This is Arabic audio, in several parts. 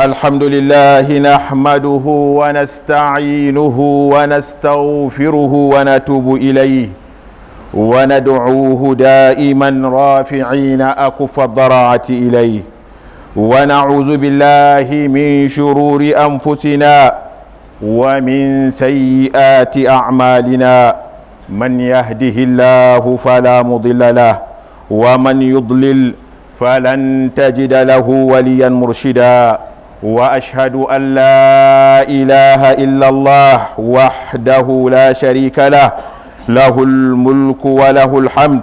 الحمد لله نحمده ونستعينه ونستغفره ونتوب إليه وندعوه دائما رافعين أكف الضراعة إليه ونعوذ بالله من شرور أنفسنا ومن سيئات أعمالنا من يهده الله فلا مضل له ومن يضلل فلن تجد له وليا مرشدا واشهد ان لا اله الا الله وحده لا شريك له له الملك وله الحمد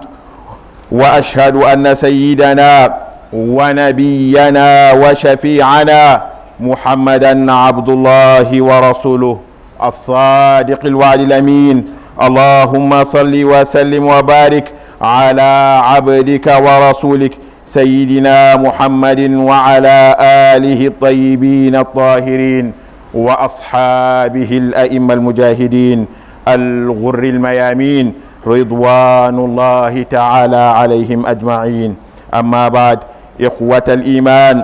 واشهد ان سيدنا ونبينا وشفيعنا محمدا عبد الله ورسوله الصادق الوعد الامين اللهم صل وسلم وبارك على عبدك ورسولك سيدنا محمد وعلى آله الطيبين الطاهرين وأصحابه الأئمة المجاهدين الغر الميامين رضوان الله تعالى عليهم أجمعين أما بعد إخوة الإيمان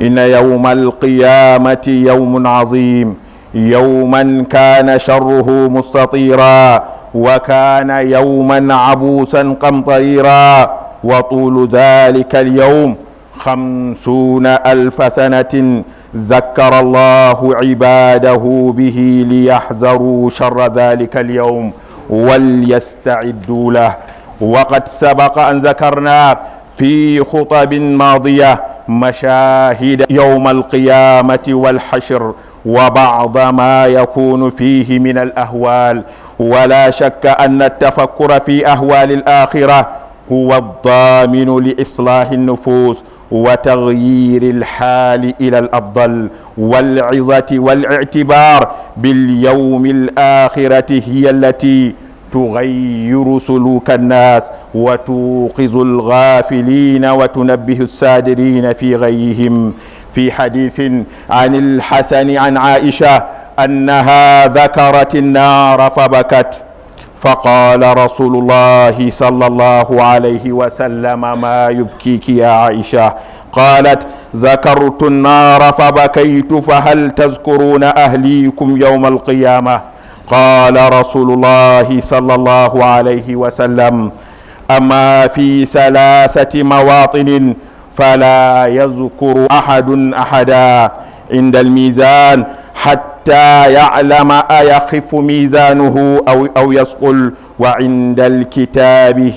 إن يوم القيامة يوم عظيم يوما كان شره مستطيرا وكان يوما عبوسا قمطريرا وطول ذلك اليوم خمسون ألف سنة ذكر الله عباده به ليحذروا شر ذلك اليوم وليستعدوا له وقد سبق أن ذكرنا في خطب ماضية مشاهد يوم القيامة والحشر وبعض ما يكون فيه من الأهوال ولا شك أن التفكر في أهوال الآخرة هو الضامن لإصلاح النفوس وتغيير الحال إلى الأفضل والعظة والاعتبار باليوم الآخرة هي التي تغير سلوك الناس وتوقظ الغافلين وتنبه السادرين في غيهم في حديث عن الحسن عن عائشة أنها ذكرت النار فبكت فقال رسول الله صلى الله عليه وسلم ما يبكيك يا عائشة قالت ذكرت النار فبكيت فهل تذكرون أهليكم يوم القيامة قال رسول الله صلى الله عليه وسلم أما في ثلاثة مواطن فلا يذكر أحد أحدا عند الميزان حتى يعلم أيخف ميزانه أو, أو يسقل وعند الكتاب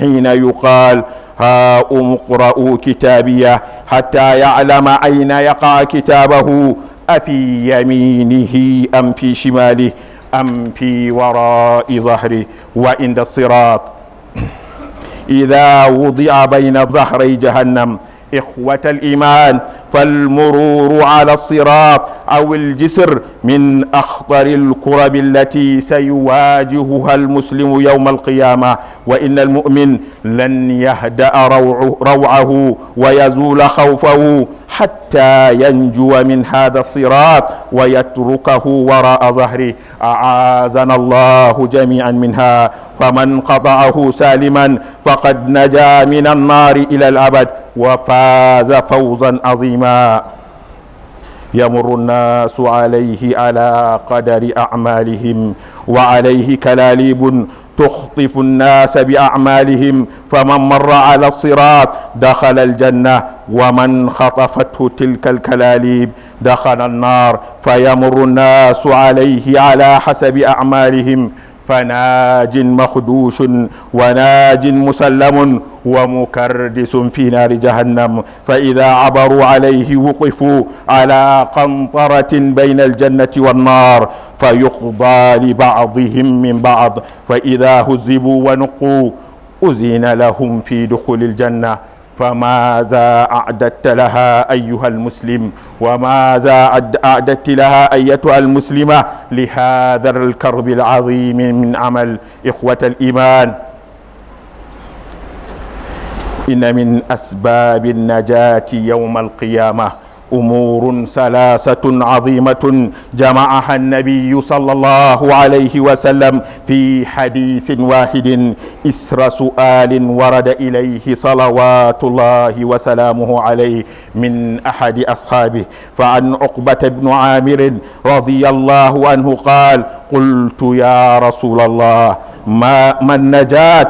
حين يقال هاؤم اقرؤوا كتابيه حتى يعلم أين يقع كتابه أفي يمينه أم في شماله أم في وراء ظهره وعند الصراط إذا وضع بين ظهري جهنم إخوة الإيمان فالمرور على الصراط أو الجسر من أخطر الكرب التي سيواجهها المسلم يوم القيامة وإن المؤمن لن يهدأ روعه ويزول خوفه حتى ينجو من هذا الصراط ويتركه وراء ظهره أعاذنا الله جميعا منها فمن قطعه سالما فقد نجا من النار إلى الأبد وفاز فوزا عظيما يمر الناس عليه على قدر أعمالهم وعليه كلاليب تخطف الناس بأعمالهم فمن مر على الصراط دخل الجنة ومن خطفته تلك الكلاليب دخل النار فيمر الناس عليه على حسب أعمالهم فناج مخدوش وناج مسلم ومكردس في نار جهنم فإذا عبروا عليه وقفوا على قنطرة بين الجنة والنار فيقضى لبعضهم من بعض فإذا هزبوا ونقوا أزين لهم في دخول الجنة فماذا أعددت لها أيها المسلم وماذا أعددت لها أيتها المسلمة لهذا الكرب العظيم من عمل إخوة الإيمان إن من أسباب النجاة يوم القيامة امور ثلاثه عظيمه جمعها النبي صلى الله عليه وسلم في حديث واحد اسر سؤال ورد اليه صلوات الله وسلامه عليه من احد اصحابه فعن عقبه بن عامر رضي الله عنه قال قلت يا رسول الله ما ما النجاه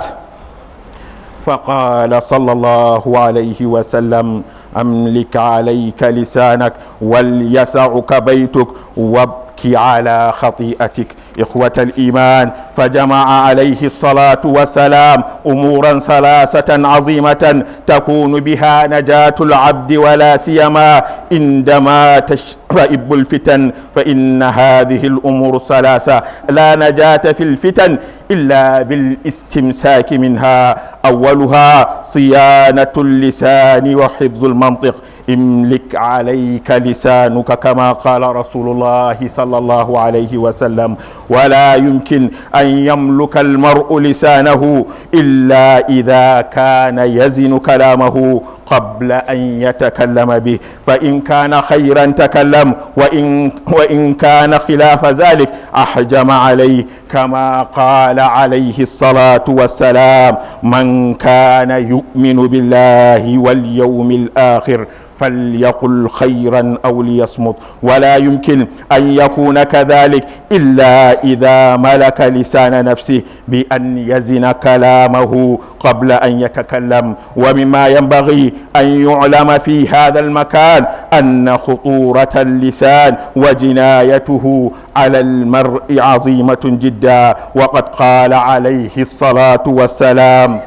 فقال صلى الله عليه وسلم أملك عليك لسانك وليسعك بيتك وابكي على خطيئتك إخوة الإيمان فجمع عليه الصلاة والسلام أمورا ثلاثة عظيمة تكون بها نجاة العبد ولا سيما عندما تشرئب الفتن فإن هذه الأمور الثلاثة لا نجاة في الفتن إلا بالاستمساك منها أولها صيانة اللسان وحفظ المنطق املك عليك لسانك كما قال رسول الله صلى الله عليه وسلم ولا يمكن أن يملك المرء لسانه إلا إذا كان يزن كلامه قبل أن يتكلم به فإن كان خيرا تكلم وإن, وإن كان خلاف ذلك أحجم عليه كما قال عليه الصلاة والسلام من كان يؤمن بالله واليوم الآخر فليقل خيرا أو ليصمت ولا يمكن أن يكون كذلك إلا إذا ملك لسان نفسه بأن يزن كلامه قبل أن يتكلم ومما ينبغي أن يعلم في هذا المكان أن خطورة اللسان وجنايته على المرء عظيمة جدا وقد قال عليه الصلاة والسلام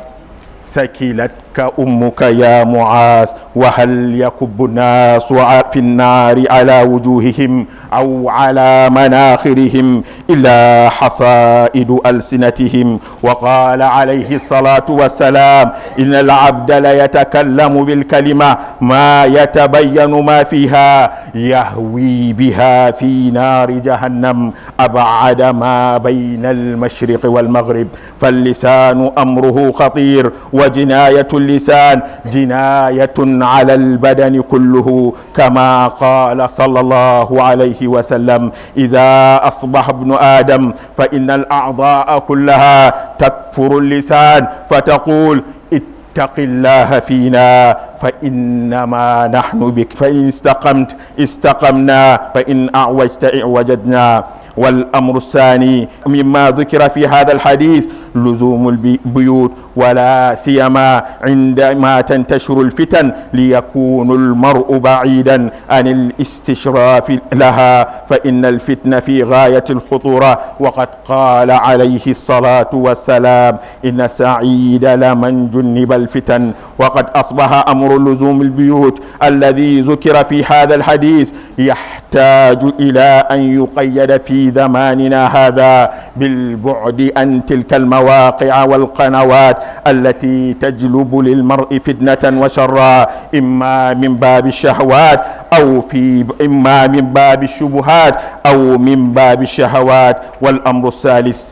سكيلت تلك أمك يا معاذ وهل يكب الناس في النار على وجوههم أو على مناخرهم إلا حصائد ألسنتهم وقال عليه الصلاة والسلام إن العبد ليتكلم بالكلمة ما يتبين ما فيها يهوي بها في نار جهنم أبعد ما بين المشرق والمغرب فاللسان أمره خطير وجناية اللسان جناية على البدن كله كما قال صلى الله عليه وسلم إذا أصبح ابن آدم فإن الأعضاء كلها تكفر اللسان فتقول اتق الله فينا فإنما نحن بك فإن استقمت استقمنا فإن أعوجت إعوجدنا والأمر الثاني مما ذكر في هذا الحديث لزوم البيوت ولا سيما عندما تنتشر الفتن ليكون المرء بعيدا عن الاستشراف لها فإن الفتن في غاية الخطورة وقد قال عليه الصلاة والسلام إن سعيد لمن جنب الفتن وقد أصبح أمر لزوم البيوت الذي ذكر في هذا الحديث يح يحتاج إلى أن يقيد في زماننا هذا بالبعد عن تلك المواقع والقنوات التي تجلب للمرء فتنة وشرا إما من باب الشهوات أو في إما من باب الشبهات أو من باب الشهوات والأمر الثالث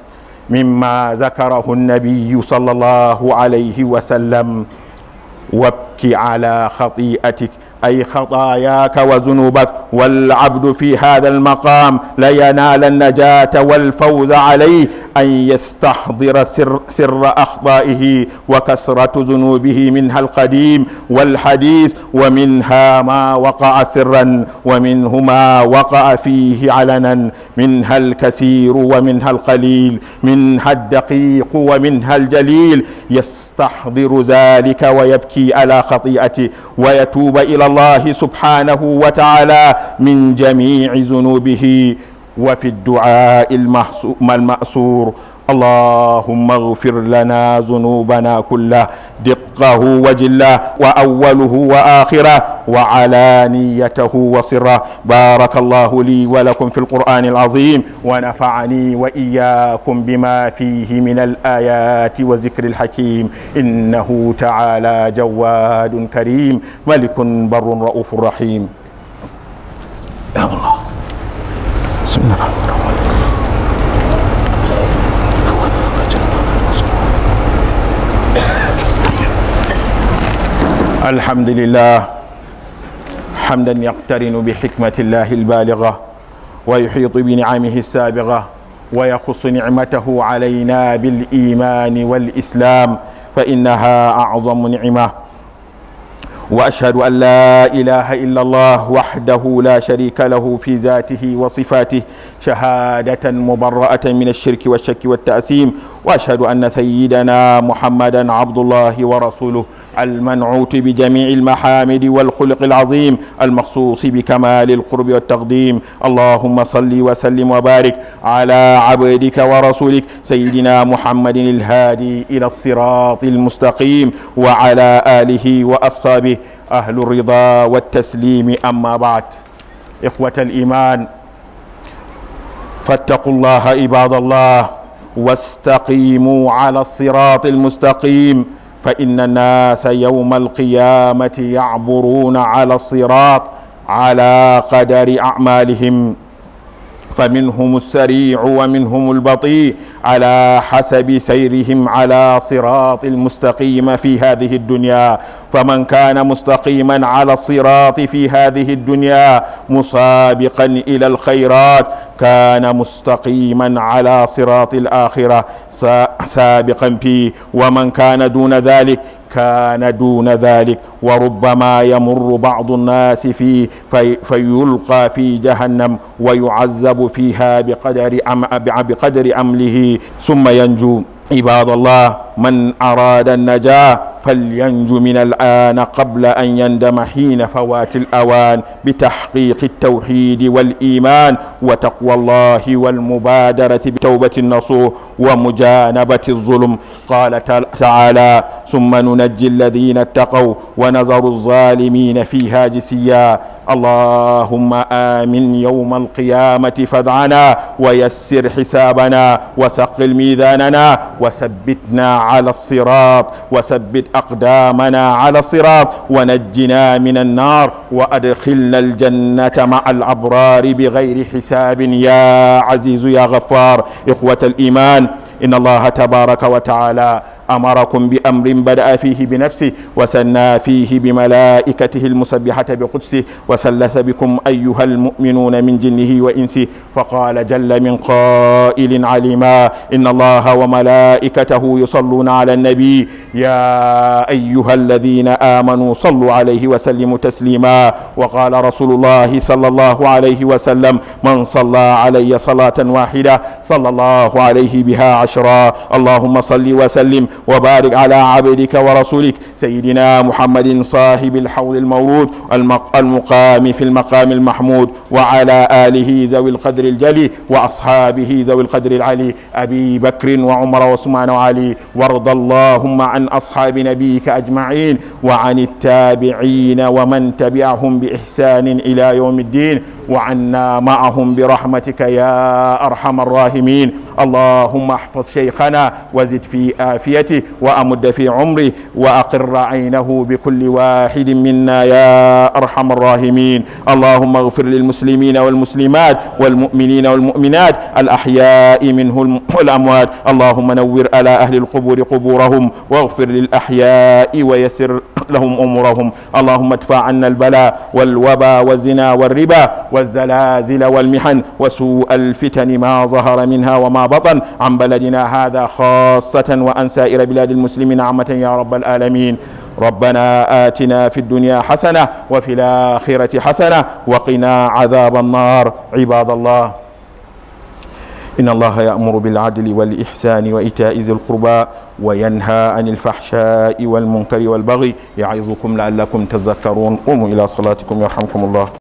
مما ذكره النبي صلى الله عليه وسلم وابك على خطيئتك أي خطاياك وذنوبك والعبد في هذا المقام لينال النجاة والفوز عليه أن يستحضر سر, سر أخطائه وكسرة ذنوبه منها القديم والحديث ومنها ما وقع سرا ومنه ما وقع فيه علنا منها الكثير ومنها القليل منها الدقيق ومنها الجليل يستحضر ذلك ويبكي على خطيئته ويتوب إلى الله سبحانه وتعالى من جميع ذنوبه وفي الدعاء المأسور اللهم اغفر لنا ذنوبنا كلها دقه وجله وأوله وآخره وعلانيته وصره بارك الله لي ولكم في القرآن العظيم ونفعني وإياكم بما فيه من الآيات وذكر الحكيم إنه تعالى جواد كريم ملك بر رؤوف رحيم يا الله بسم الله الرحمن الرحيم الحمد لله حمدا يقترن بحكمة الله البالغة ويحيط بنعمه السابغة ويخص نعمته علينا بالإيمان والإسلام فإنها أعظم نعمة واشهد ان لا اله الا الله وحده لا شريك له في ذاته وصفاته شهاده مبراه من الشرك والشك والتاثيم واشهد ان سيدنا محمدا عبد الله ورسوله المنعوت بجميع المحامد والخلق العظيم المخصوص بكمال القرب والتقديم اللهم صل وسلم وبارك على عبدك ورسولك سيدنا محمد الهادي إلى الصراط المستقيم وعلى آله وأصحابه أهل الرضا والتسليم أما بعد إخوة الإيمان فاتقوا الله عباد الله واستقيموا على الصراط المستقيم فإن الناس يوم القيامة يعبرون على الصراط على قدر أعمالهم فمنهم السريع ومنهم البطيء على حسب سيرهم على صراط المستقيم في هذه الدنيا فمن كان مستقيما على الصراط في هذه الدنيا مسابقا الى الخيرات كان مستقيما على صراط الاخره سابقا فيه ومن كان دون ذلك كان دون ذلك وربما يمر بعض الناس فيه في فيلقى في جهنم ويعذب فيها بقدر أم بقدر أمله ثم ينجو عباد الله من أراد النجاة فلينجو من الآن قبل أن يندم حين فوات الأوان بتحقيق التوحيد والإيمان وتقوى الله والمبادرة بتوبة النصوح ومجانبة الظلم قال تعالى ثم ننجي الذين اتقوا ونظر الظالمين فيها جسيا اللهم آمن يوم القيامة فادعنا ويسر حسابنا وسقل ميزاننا وثبتنا على الصراط وثبت أقدامنا على الصراط ونجنا من النار وأدخلنا الجنة مع الأبرار بغير حساب يا عزيز يا غفار إخوة الإيمان إن الله تبارك وتعالى أمركم بأمر بدأ فيه بنفسه وسنى فيه بملائكته المسبحة بقدسه وسلس بكم أيها المؤمنون من جنه وإنسه فقال جل من قائل علما إن الله وملائكته يصلون على النبي يا أيها الذين آمنوا صلوا عليه وسلموا تسليما وقال رسول الله صلى الله عليه وسلم من صلى علي صلاة واحدة صلى الله عليه بها عشرا اللهم صل وسلم وبارك على عبدك ورسولك سيدنا محمد صاحب الحوض المورود المقام في المقام المحمود وعلى آله ذوي القدر الجلي وأصحابه ذوي القدر العلي أبي بكر وعمر وعثمان وعلي وارض اللهم عن أصحاب نبيك أجمعين وعن التابعين ومن تبعهم بإحسان إلى يوم الدين وعنا معهم برحمتك يا أرحم الراحمين اللهم احفظ شيخنا وزد في آفيته وأمد في عمره وأقر عينه بكل واحد منا يا أرحم الراحمين اللهم اغفر للمسلمين والمسلمات والمؤمنين والمؤمنات الأحياء منه والأموات اللهم نور على أهل القبور قبورهم واغفر للأحياء ويسر لهم أمورهم اللهم ادفع عنا البلاء والوبا والزنا والربا والزلازل والمحن وسوء الفتن ما ظهر منها وما بطن عن بلدنا هذا خاصة وأن سائر بلاد المسلمين عامة يا رب العالمين ربنا آتنا في الدنيا حسنة وفي الآخرة حسنة وقنا عذاب النار عباد الله إن الله يأمر بالعدل والإحسان وإيتاء ذي القربى وينهى عن الفحشاء والمنكر والبغي يعظكم لعلكم تذكرون قوموا إلى صلاتكم يرحمكم الله